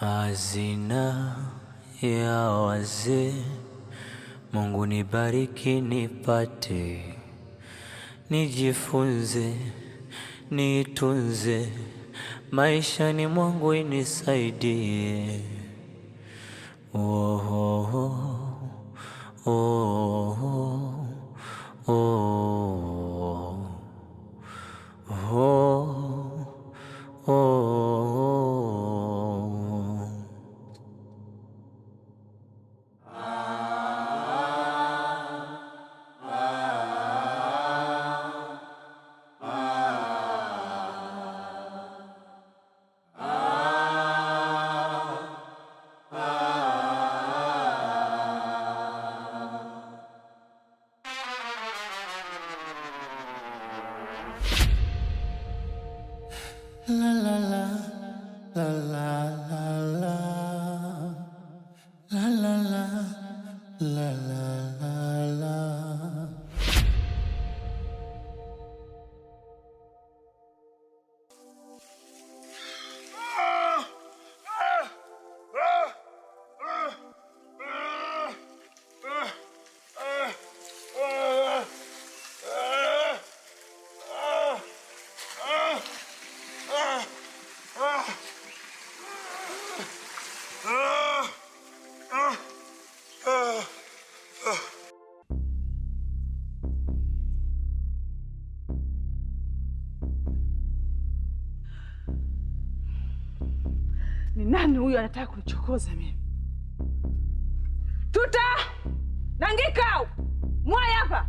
Hazina ya wazee, Mungu nibariki, nipate, nijifunze, niitunze, ni mwangu inisaidie. Ohoho, ohoho. Oh, oh, oh. la la la la la huyu anataka kunichokoza mimi. Tuta nangika mwai hapa.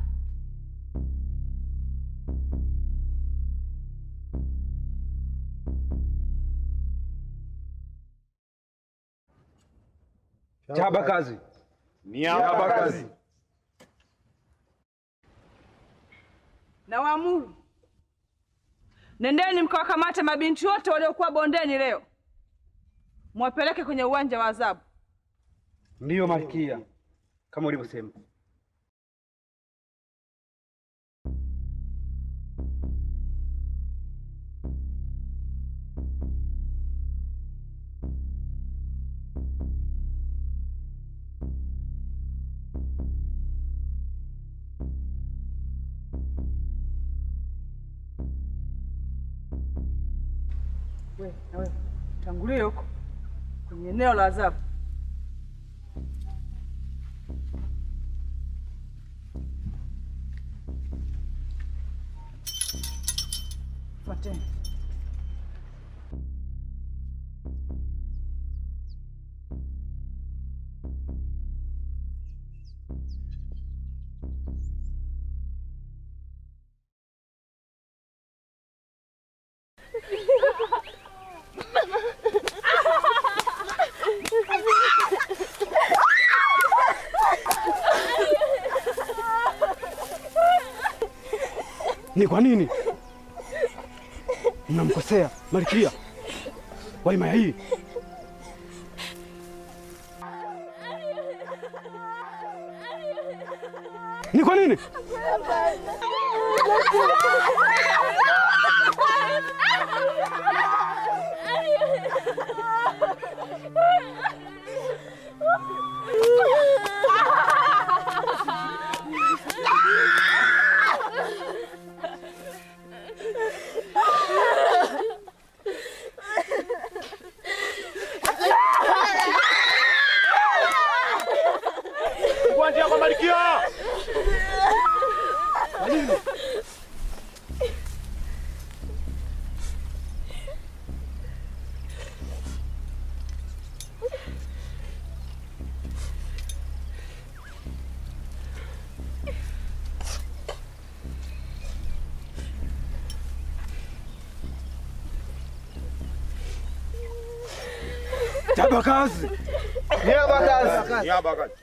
Chaba kazi. Niaba kazi. Na waamuru, nendeni mkawakamate mabinti wote waliokuwa bondeni leo mwapeleke kwenye uwanja wa adhabu. Ndiyo Malkia, kama ulivyosema. tangulie huko kwenye eneo la adhabu. Fuateni. Ni kwa nini mnamkosea Malkia wa himaya hii? Tabakazi. n i y bakazi? Niye bakazi?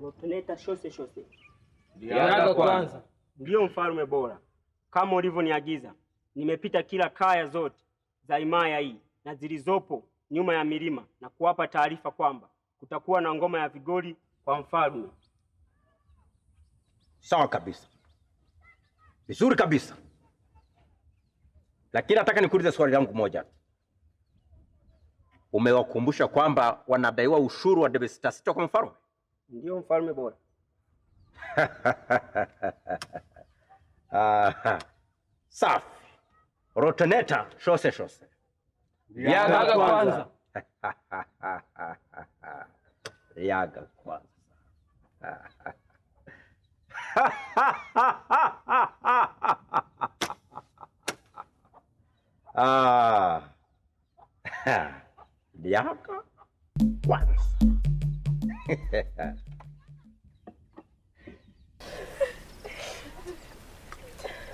Rotuleta şose şose. Niaga kwanza. Ndiyo mfalme bora, kama ulivyoniagiza, nimepita kila kaya zote za himaya hii na zilizopo nyuma ya milima na kuwapa taarifa kwamba kutakuwa na ngoma ya vigoli kwa mfalme. Sawa kabisa, vizuri kabisa, lakini nataka nikuulize swali langu moja Umewakumbusha kwamba wanadaiwa ushuru wa debe sita sita kwa mfalme? Ndiyo mfalme bora. Aha. Safi. rotoneta shose shose. Yaga kwanza. Yaga kwanza. Ah. Yaga kwanza.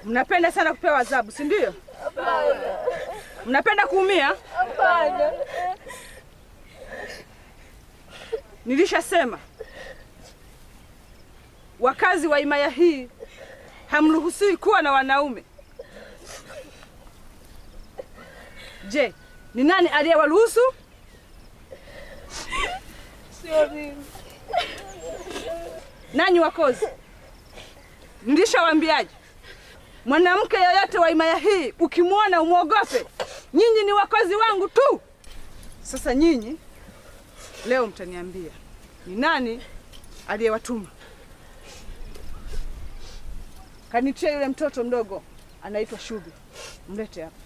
Mnapenda sana kupewa adhabu, si ndio? Hapana. Mnapenda kuumia? Hapana. Nilishasema wakazi wa himaya hii hamruhusiwi kuwa na wanaume. Je, ni nani aliyewaruhusu? nani wakozi, nilishawaambiaje? Mwanamke yoyote wa imaya hii ukimwona umwogope. Nyinyi ni wakozi wangu tu. Sasa nyinyi leo mtaniambia ni nani aliyewatuma kanitia yule mtoto mdogo anaitwa Shubi, mlete hapa.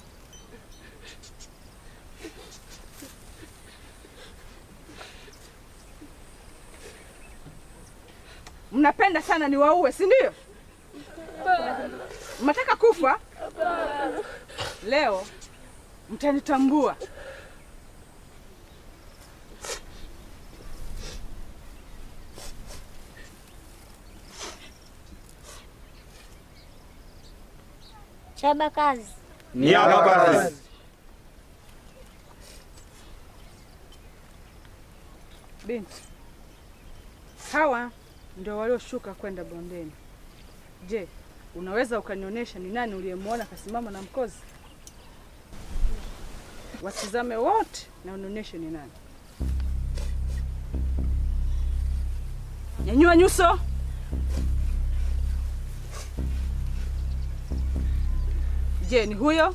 Mnapenda sana niwaue, si ndio? Mnataka kufa leo, mtanitambua. Chaba kazi niaba kazi. Binti, hawa ndio walioshuka kwenda bondeni. Je, unaweza ukanionyesha ni nani uliyemwona kasimama na mkozi? Watizame wote na unionyeshe ni nani. Nyanyua nyuso. Je, ni huyo?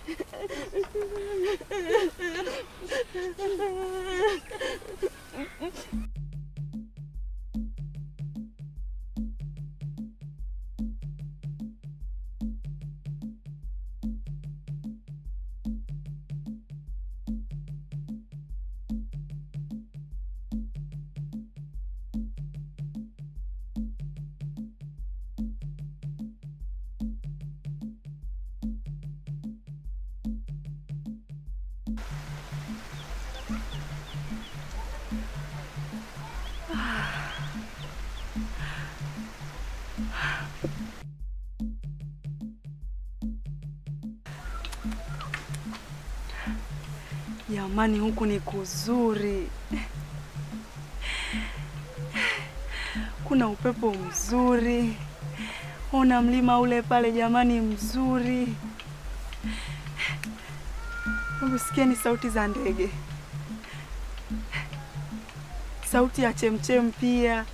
Jamani, huku ni kuzuri, kuna upepo mzuri. Ona mlima ule pale jamani, mzuri. Hebu sikieni sauti za ndege, sauti ya chemchem pia.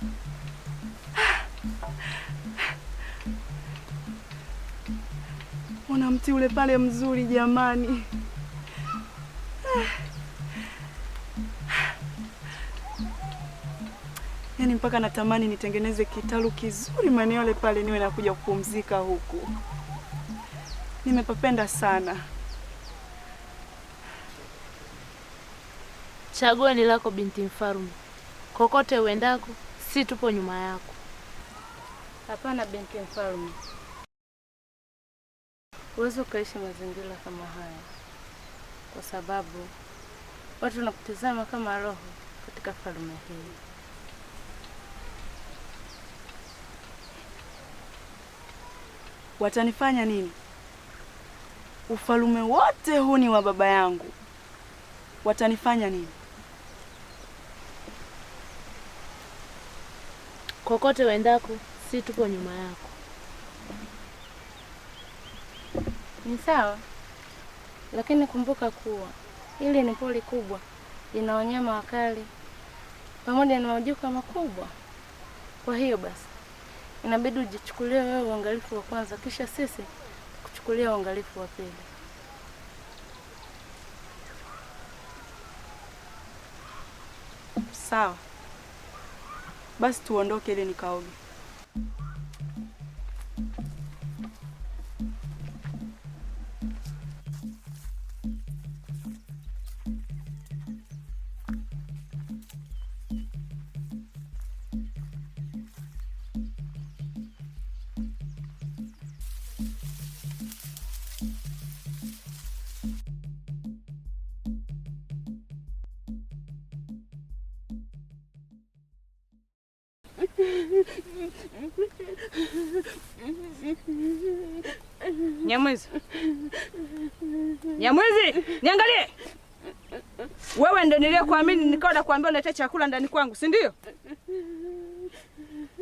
Ona mti ule pale mzuri jamani. Yaani mpaka natamani nitengeneze kitalu kizuri maeneo yale pale, niwe nakuja kupumzika huku. Nimepapenda sana. Chaguo ni lako, binti mfalme. Kokote uendako, si tupo nyuma yako. Hapana binti mfalme, Uwezo ukaishi mazingira kama haya kwa sababu watu wanakutizama kama roho katika falme hii. Watanifanya nini? Ufalume wote huu ni wa baba yangu, watanifanya nini? Kokote wendako, si tuko nyuma yako. Ni sawa lakini kumbuka kuwa hili ni pori kubwa, lina wanyama wakali pamoja na majuka makubwa. Kwa hiyo basi, inabidi ujichukulie wewe uangalifu wa kwanza, kisha sisi kuchukulia uangalifu wa pili. Sawa basi, tuondoke ili nikaoge. Nyamwezi, Nyamwezi, niangalie. Wewe ndo niliyekuamini nikawa nakuambia unaleta chakula ndani kwangu, si ndio?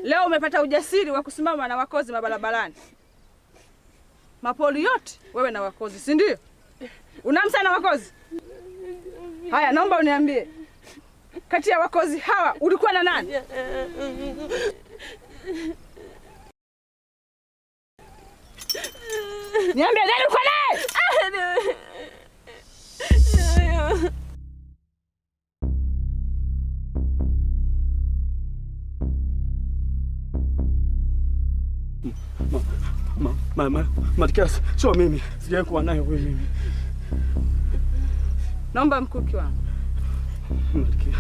Leo umepata ujasiri wa kusimama na wakozi mabarabarani, mapoli yote wewe na wakozi, si ndio? Unamsa na wakozi. Haya, naomba uniambie kati ya wakozi hawa ulikuwa na nani? Niambie nani ulikuwa naye? Matikiasi, sio mimi, sijawahi kuwa naye huyu mimi. Naomba mkuki wangu. Malkia.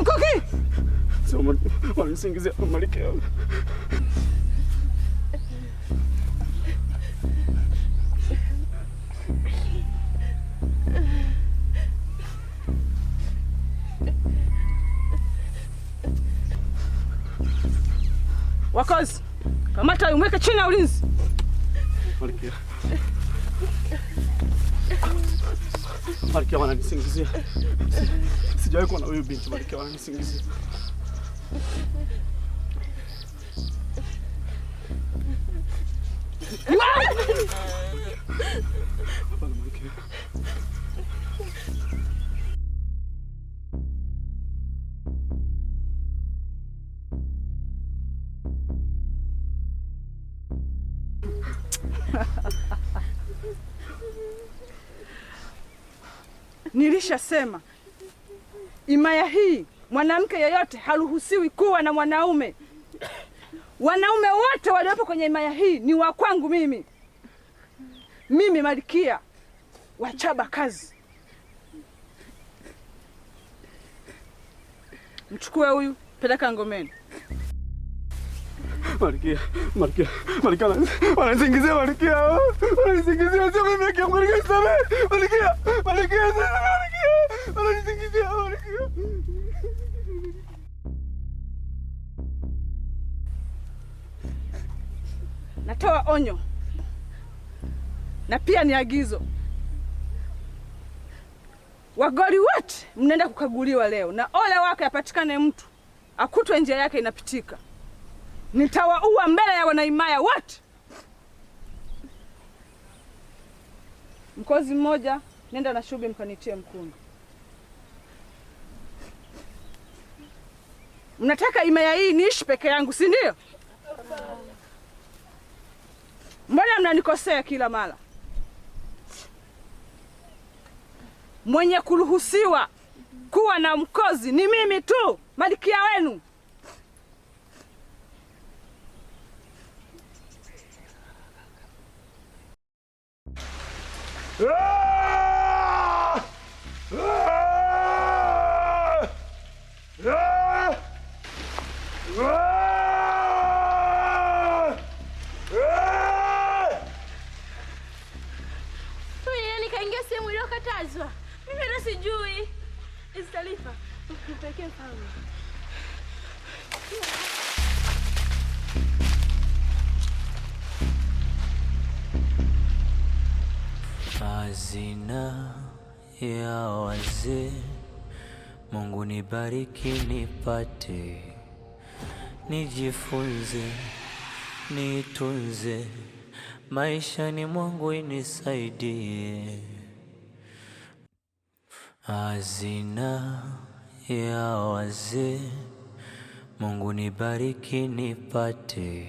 Mkuki. Soma wananisingizia Malkia. Wakozi, kamata umweke chini ya ulinzi. Malkia. Barikiwa wananisingizia, sijawahi kuwa na huyu binti. Barikiwa wananisingizia. Nilishasema imaya hii mwanamke yeyote haruhusiwi kuwa na mwanaume. Wanaume wote waliopo kwenye imaya hii ni wa kwangu mimi, mimi Malkia wa kazi Mchukue huyu, peleka ngomeni. Malkia, Malkia, Malkia, wanazingizia Malkia, wanazingizia sio mimi. Malkia, Malkia Natoa onyo na pia ni agizo. Wagoli wote mnaenda kukaguliwa leo, na ole wake apatikane mtu akutwe njia yake inapitika. Nitawaua mbele ya wanaimaya wote, mkozi mmoja Nenda na Shubi mkanitie mkundu. Mnataka imaya hii niishi peke yangu, si ndio? Mbona mnanikosea kila mara? Mwenye kuruhusiwa kuwa na mkozi ni mimi tu, malikia wenu. ya wazee. Mungu nibariki, nipate, nijifunze, nitunze, ni mwangu inisaidie. Hazina ya wazee. Mungu nibariki, nipate,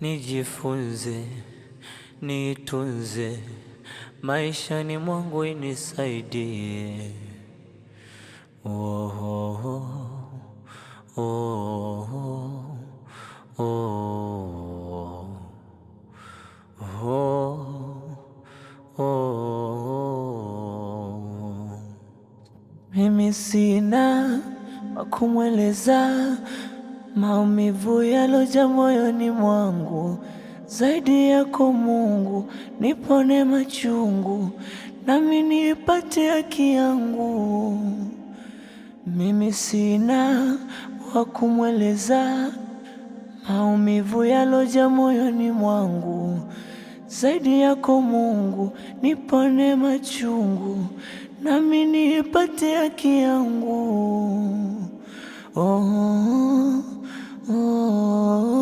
nijifunze, nitunze maishani mwangu inisaidie. Oh, oh, oh, oh, oh, oh. Mimi sina wakumweleza maumivu yaloja moyoni mwangu zaidi yako Mungu, nipone machungu, nami nipate haki yangu. Mimi sina wa kumweleza maumivu yaloja moyoni mwangu, zaidi yako Mungu, nipone machungu, nami nipate haki yangu. Oh, oh, oh.